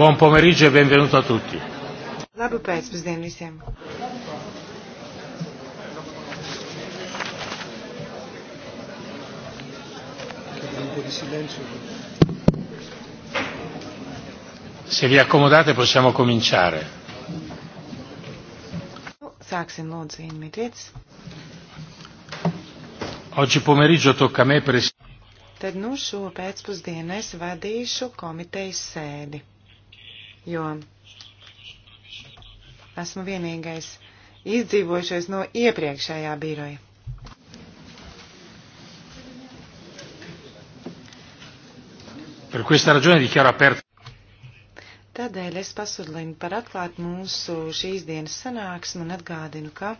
Buon pomeriggio e benvenuto a tutti. Labu pēcpusdienu visiem. Se vi accomodate possiamo cominciare. Nu, sāksim lūdzu vienmīt vietas. Oggi pomeriggio tocca a me presidente. Tad nu šo pēcpusdienu es vadīšu komitejas sēdi jo esmu vienīgais izdzīvojušais no iepriekšējā biroja. Per questa ragione dichiaro aperta. Tādēļ es pasludinu par atklātu mūsu šīs dienas sanāksmu un atgādinu, ka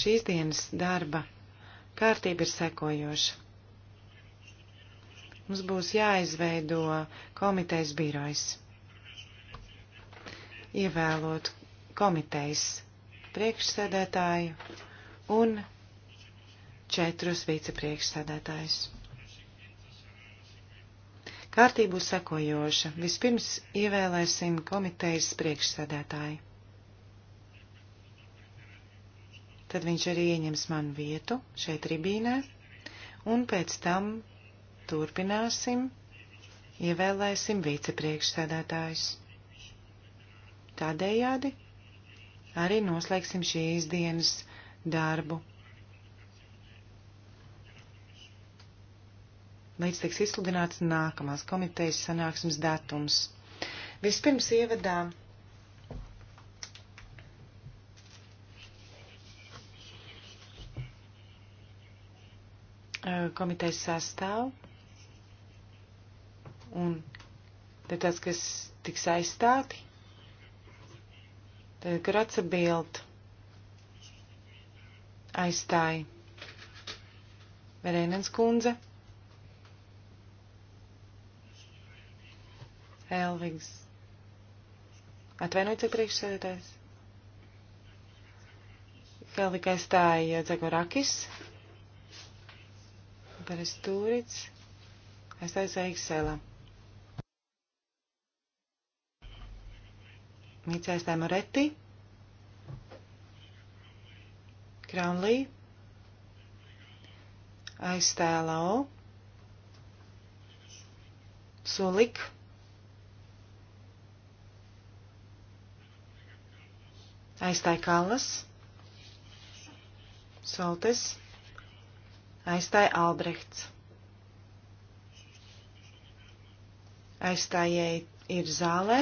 šīs dienas darba kārtība ir sekojoša. Mums būs jāizveido komitejas birojs, ievēlot komitejas priekšsēdētāju un četrus vicepriekšsēdētājus. Kārtība būs sekojoša. Vispirms ievēlēsim komitejas priekšsēdētāju. Tad viņš arī ieņems manu vietu šeit tribīnē, un pēc tam turpināsim, ievēlēsim vicepriekšsēdētājus. Tādējādi arī noslēgsim šīs dienas darbu. Līdz tiks izsludināts nākamās komitejas sanāksmes datums. Vispirms ievadā komitejas sastāvu. Un tad tas, kas tiks aizstāti, tad Graca Bild aizstāja Verēnens kundze, Elvigs. Atvainojiet, priekšsēdētājs. Helvika aizstāja Dzegorakis, Berestūrits, aizstāja Zaigsēlā. Mīcēstē Moretti, Kraunlī, Aizstēlau, Sulik, Aizstāj Kallas, Soltes, Aizstāj Albrechts. Aizstājēji ir zālē.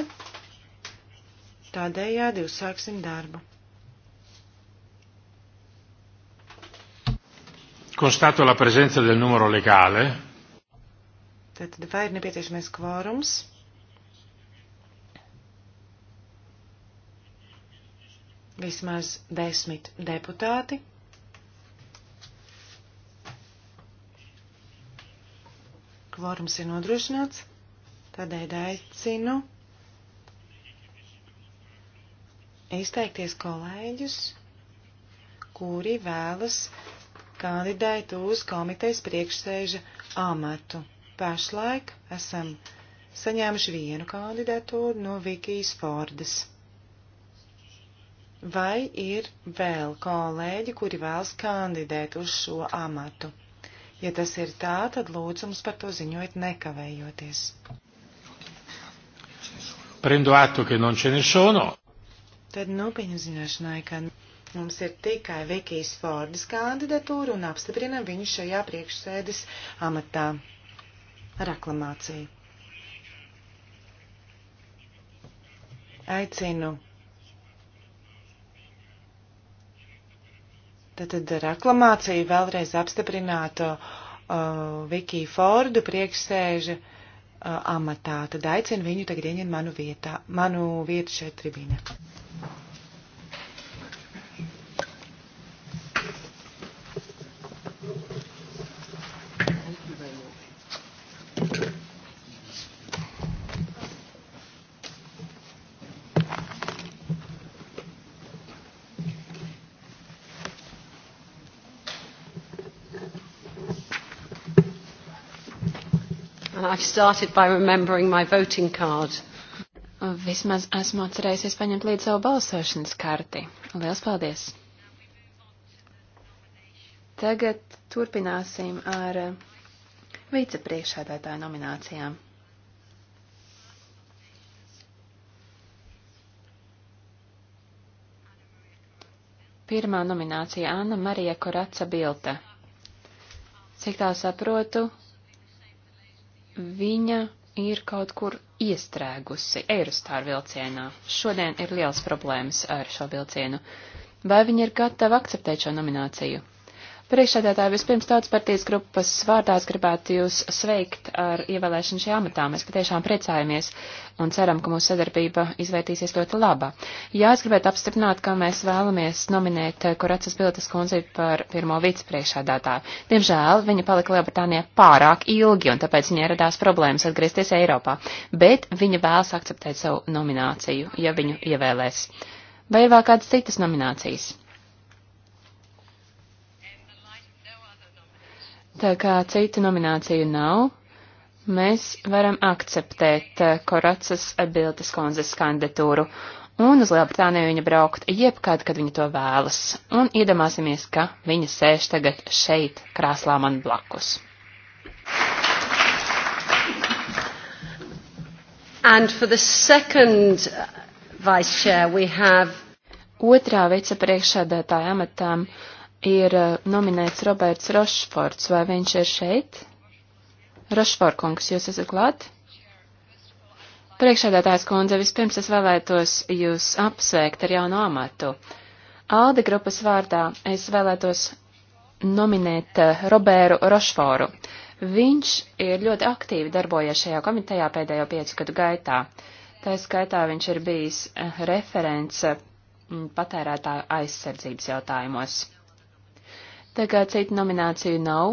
Tādējādi uzsāksim darbu. Konstato la presenza del numero legale. Tātad vai ir nepieciešamais kvārums? Vismaz desmit deputāti. Kvorums ir nodrošināts, tādēļ aicinu izteikties kolēģus, kuri vēlas kandidēt uz komitejas priekšsēža amatu. Pašlaik esam saņēmuši vienu kandidatūru no Vikijas Fordas. Vai ir vēl kolēģi, kuri vēlas kandidēt uz šo amatu? Ja tas ir tā, tad lūdzu mums par to ziņojiet nekavējoties. Prendo atto che non ce ne sono. Tad nopiņu nu, zināšanai, ka mums ir tikai Vikijas Fordas kandidatūra un apstiprinam viņu šajā priekšsēdes amatā ar aklamāciju. Aicinu Tātad ar aklamāciju vēlreiz apstiprinātu uh, Vikiju Fordu priekšsēža uh, amatā. Tad aicinu viņu tagad ieņemt manu, vietā, manu vietu šeit tribīnē. I started by remembering my voting card. Vismaz esmu atcerējusies paņemt līdz savu balsošanas karti. Lielas paldies! Tagad turpināsim ar eh, vicepriekšādātāju nominācijām. Pirmā nominācija Anna Marija Koraca Bilta. Cik tā saprotu, viņa ir kaut kur iestrēgusi Eirostāra vilcienā. Šodien ir liels problēmas ar šo vilcienu. Vai viņa ir gatava akceptēt šo nomināciju? Priekšsēdētāji, vispirms tautas partijas grupas vārdās gribētu jūs sveikt ar ievēlēšanu šajā amatā. Mēs patiešām priecājamies un ceram, ka mūsu sadarbība izvērtīsies ļoti laba. Jā, es gribētu apstiprināt, ka mēs vēlamies nominēt Kuracas Biltas kundzi par pirmo vicepriekšsēdētāju. Diemžēl viņa palika Lielbritānijā pārāk ilgi un tāpēc viņai radās problēmas atgriezties Eiropā, bet viņa vēlas akceptēt savu nomināciju, ja viņu ievēlēs. Vai ir vēl kādas citas nominācijas? Tā kā citu nomināciju nav, mēs varam akceptēt eh, Koracas Biltas konzes kandidatūru un uz Lielbritāniju viņa braukt jebkad, kad viņa to vēlas. Un iedomāsimies, ka viņa sēž tagad šeit, krāslā man blakus. And for the second uh, vice chair we have. Otrā vicepriekšādātāja amatām ir eh, nominēts Roberts Rošfords. Vai viņš ir šeit? Rošforkungs, jūs esat klāt? Priekšādātājs kundze, vispirms es vēlētos jūs apsveikt ar jaunu amatu. Alde grupas vārdā es vēlētos nominēt eh, Roberu Rošforu. Viņš ir ļoti aktīvi darbojies šajā komitejā pēdējo piecu gadu gaitā. Tā skaitā viņš ir bijis eh, referents patērētāju aizsardzības jautājumos. Tagad citu nomināciju nav.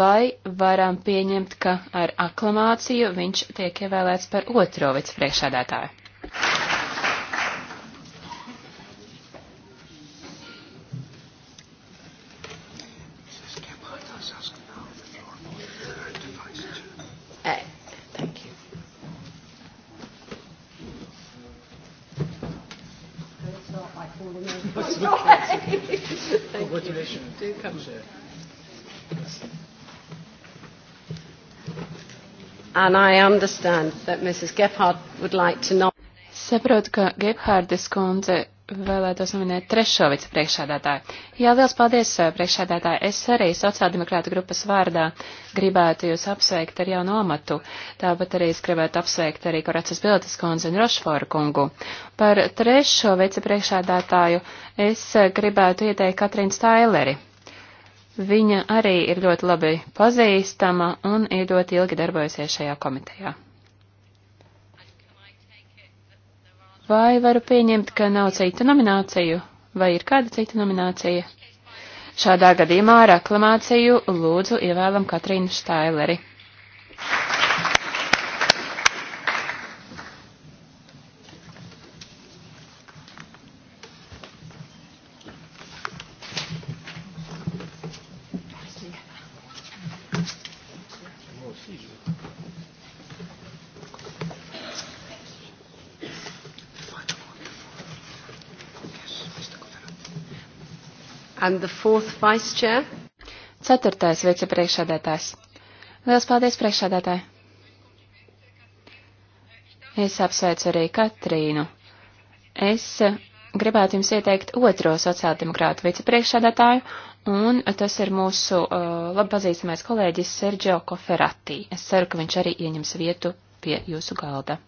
Vai varam pieņemt, ka ar aklamāciju viņš tiek ievēlēts par otro vicepriekšādātāju? by calling in. That's okay. Thank Congratulations. You. Do come. And I understand that Mrs. Gephardt would like to know. Saprotu, ka Gephārdes kundze vēlētos nominēt trešo vicepriekšādātāju. Jā, liels paldies, eh, priekšādātāji. Es arī sociāldemokrāta grupas vārdā gribētu jūs apsveikt ar jaunu amatu. Tāpat arī es gribētu apsveikt arī Koracas Biltas kundzi un Rošforu kungu. Par trešo vicepriekšādātāju es eh, gribētu ieteikt Katrīnu Staileri. Viņa arī ir ļoti labi pazīstama un ir ļoti ilgi darbojusies šajā komitejā. Vai varu pieņemt, ka nav citu nomināciju? Vai ir kāda cita nominācija? Šādā gadījumā ar aklamāciju lūdzu ievēlam Katrīnu Štaileri. Thank you. and the fourth vice chair. Ceturtais vicepriekšādētājs. Liels paldies priekšādētāji! Es apsveicu arī Katrīnu. Es gribētu jums ieteikt otro sociāldemokrātu vicepriekšādātāju, un tas ir mūsu uh, labi pazīstamais kolēģis Sergio Koferati. Es ceru, ka viņš arī ieņems vietu pie jūsu galda.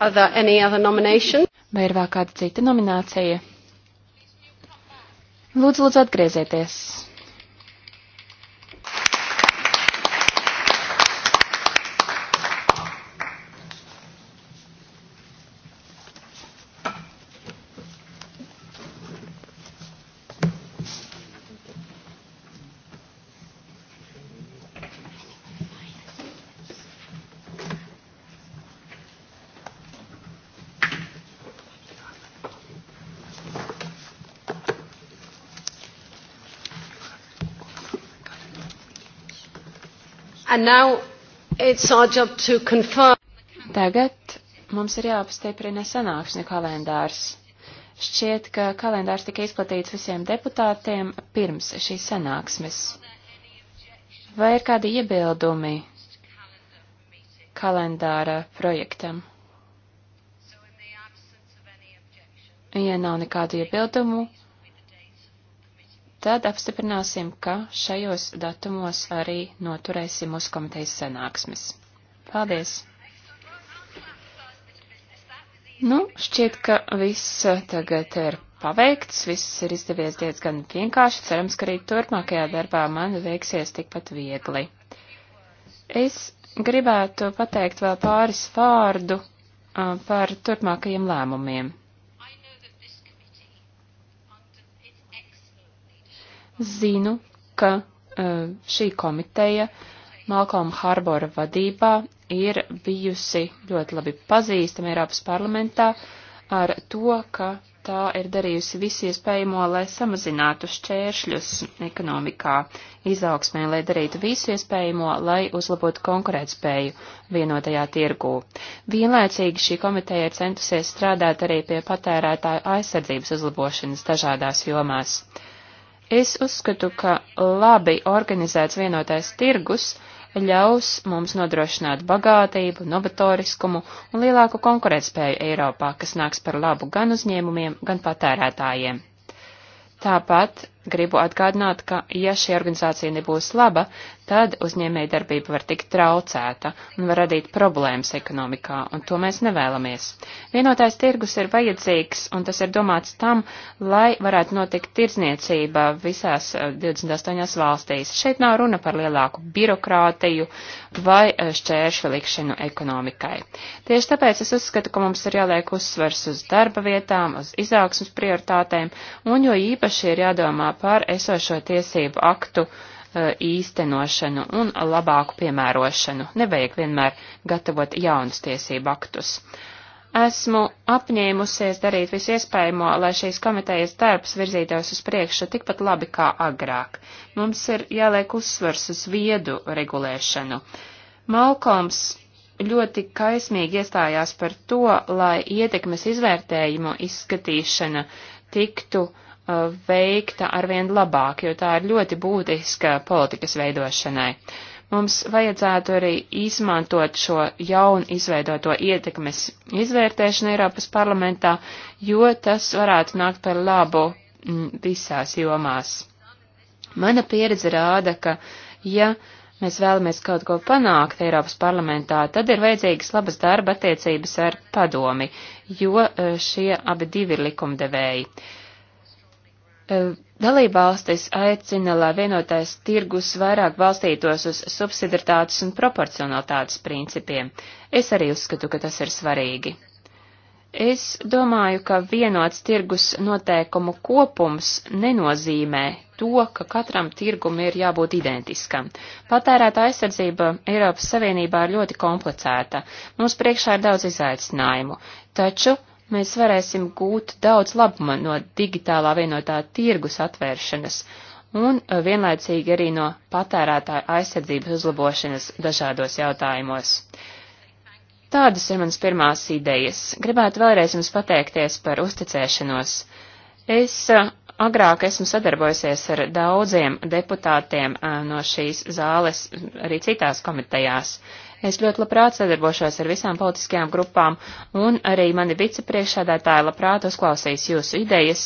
Are there any other nomination? Vai ir vēl kāda cita nominācija? Lūdzu, lūdzu, atgriezieties. Tagad mums ir jāapstiprina sanāksmi kalendārs. Šķiet, ka kalendārs tika izplatīts visiem deputātiem pirms šīs sanāksmes. Vai ir kādi iebildumi kalendāra projektam? Ja nav nekādu iebildumu, tad apstiprināsim, ka šajos datumos arī noturēsim mūsu komitejas sanāksmes. Paldies! Nu, šķiet, ka viss tagad ir paveikts, viss ir izdevies diezgan vienkārši, cerams, ka arī turpmākajā darbā man veiksies tikpat viegli. Es gribētu pateikt vēl pāris vārdu uh, par turpmākajiem lēmumiem. Zinu, ka e, šī komiteja Malcolm Harbora vadībā ir bijusi ļoti labi pazīstama Eiropas parlamentā ar to, ka tā ir darījusi visu iespējamo, lai samazinātu šķēršļus ekonomikā, izaugsmē, lai darītu visu iespējamo, lai uzlabotu konkurētspēju vienotajā tirgū. Vienlaicīgi šī komiteja ir centusies strādāt arī pie patērētāju aizsardzības uzlabošanas dažādās jomās. Es uzskatu, ka labi organizēts vienotais tirgus ļaus mums nodrošināt bagātību, novatoriskumu un lielāku konkurētspēju Eiropā, kas nāks par labu gan uzņēmumiem, gan patērētājiem. Tāpat gribu atgādināt, ka, ja šī organizācija nebūs laba, tad uzņēmēja darbība var tikt traucēta un var radīt problēmas ekonomikā, un to mēs nevēlamies. Vienotais tirgus ir vajadzīgs, un tas ir domāts tam, lai varētu notikt tirdzniecība visās 28 eh, valstīs. Šeit nav runa par lielāku birokrātiju vai eh, šķēršu likšanu ekonomikai. Tieši tāpēc es uzskatu, ka mums ir jāliek uzsvers uz darba vietām, uz izaugsmas prioritātēm, un jo īpaši ir jādomā par esošo tiesību aktu, E, īstenošanu un labāku piemērošanu. Nevajag vienmēr gatavot jaunus tiesību aktus. Esmu apņēmusies darīt visu iespējamo, lai šīs komitejas darbs virzītos uz priekšu tikpat labi kā agrāk. Mums ir jāliek uzsvars uz viedu regulēšanu. Malkoms ļoti kaismīgi iestājās par to, lai ietekmes izvērtējumu izskatīšana tiktu uh, Uh, veikta arvien labāk, jo tā ir ļoti būtiska politikas veidošanai. Mums vajadzētu arī izmantot šo jaunu izveidoto ietekmes izvērtēšanu Eiropas parlamentā, jo tas varētu nākt par labu mm, visās jomās. Mana pieredze rāda, ka, ja mēs vēlamies kaut ko panākt Eiropas parlamentā, tad ir vajadzīgas labas darba attiecības ar padomi, jo uh, šie abi divi ir likumdevēji. Eh, dalībvalstis aicina, lai vienotais tirgus vairāk balstītos uz subsidiaritātes un proporcionalitātes principiem. Es arī uzskatu, ka tas ir svarīgi. Es domāju, ka vienots tirgus noteikumu kopums nenozīmē to, ka katram tirgum ir jābūt identiskam. Patērēta aizsardzība Eiropas Savienībā ir ļoti komplicēta. Mums priekšā ir daudz izaicinājumu, taču mēs varēsim gūt daudz labuma no digitālā vienotā tirgus atvēršanas un eh, vienlaicīgi arī no patērētāja aizsardzības uzlabošanas dažādos jautājumos. Tādas ir manas pirmās idejas. Gribētu vēlreiz jums pateikties par uzticēšanos. Es eh, agrāk esmu sadarbojusies ar daudziem deputātiem eh, no šīs zāles arī citās komitejās. Es ļoti labprāt sadarbošos ar visām politiskajām grupām, un arī mani vicepriekšādātāji labprāt uzklausīs jūsu idejas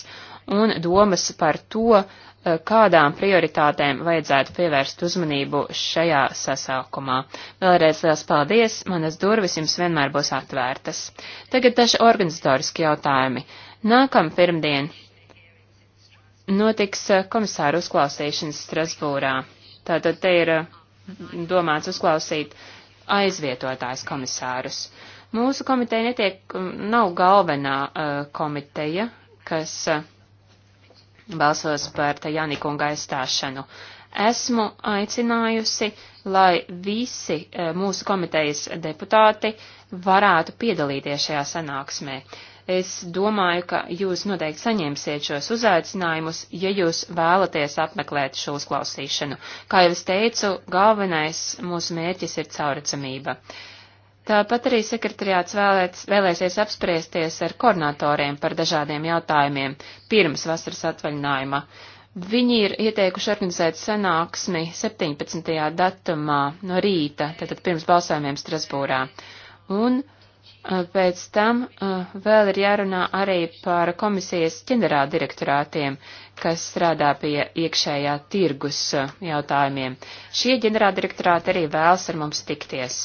un domas par to, eh, kādām prioritātēm vajadzētu pievērst uzmanību šajā sasaukumā. Vēlreiz liels paldies, manas durvis jums vienmēr būs atvērtas. Tagad daži organizatoriski jautājumi. Nākam pirmdien notiks eh, komisāru uzklausīšanas Strasbūrā. Tātad te ir eh, domāts uzklausīt aizvietotājs komisārus. Mūsu komiteja netiek, mm, nav galvenā uh, komiteja, kas uh, balsos par Tajāni kunga aizstāšanu. Esmu aicinājusi, lai visi uh, mūsu komitejas deputāti varētu piedalīties šajā sanāksmē. Uh, Es domāju, ka jūs noteikti saņemsiet šos uzaicinājumus, ja jūs vēlaties apmeklēt šo uzklausīšanu. Kā jau es teicu, galvenais mūsu mērķis ir cauracamība. Tāpat arī sekretariāts vēlēts, vēlēsies apspriesties ar koordinatoriem par dažādiem jautājumiem pirms vasaras atvaļinājuma. Viņi ir ieteikuši organizēt sanāksmi 17. datumā no rīta, tātad pirms balsojumiem Strasbūrā. Un uh, Pēc tam vēl ir jārunā arī par komisijas ģenerāldirektorātiem, kas strādā pie iekšējā tirgus jautājumiem. Šie ģenerāldirektorāti arī vēlas ar mums tikties.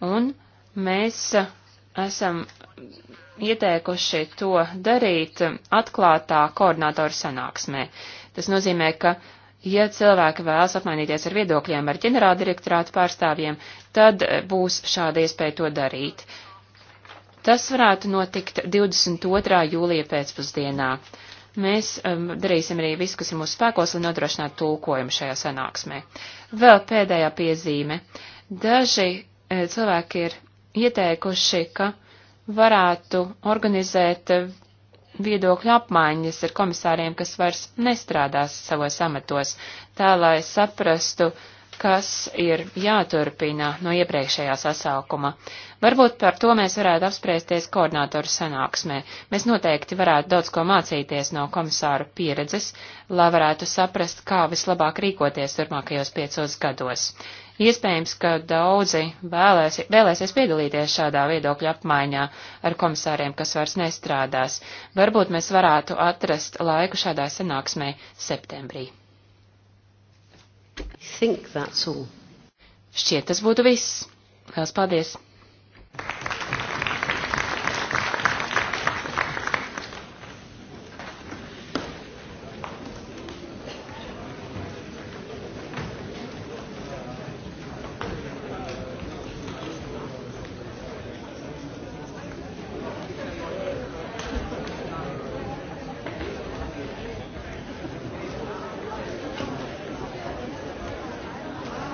Un mēs esam ieteikuši to darīt atklātā koordinātoru sanāksmē. Tas nozīmē, ka ja cilvēki vēlas apmainīties ar viedokļiem ar ģenerāldirektorātu pārstāvjiem, tad būs šāda iespēja to darīt. Tas varētu notikt 22. jūlija pēcpusdienā. Mēs um, darīsim arī visu, kas ir mūsu spēkos, lai nodrošinātu tulkojumu šajā sanāksmē. Vēl pēdējā piezīme. Daži e, cilvēki ir ieteikuši, ka varētu organizēt eh, viedokļu apmaiņas ar komisāriem, kas vairs nestrādās savos amatos, tā lai saprastu, kas ir jāturpina no iepriekšējā sasaukuma. Varbūt par to mēs varētu apspriesties koordinātoru sanāksmē. Mēs noteikti varētu daudz ko mācīties no komisāru pieredzes, lai varētu saprast, kā vislabāk rīkoties turpmākajos piecos gados. Iespējams, ka daudzi vēlēs, vēlēsies piedalīties šādā viedokļa apmaiņā ar komisāriem, kas vairs nestrādās. Varbūt mēs varētu atrast laiku šādai sanāksmē septembrī. Šķiet, tas būtu viss. Lielas paldies!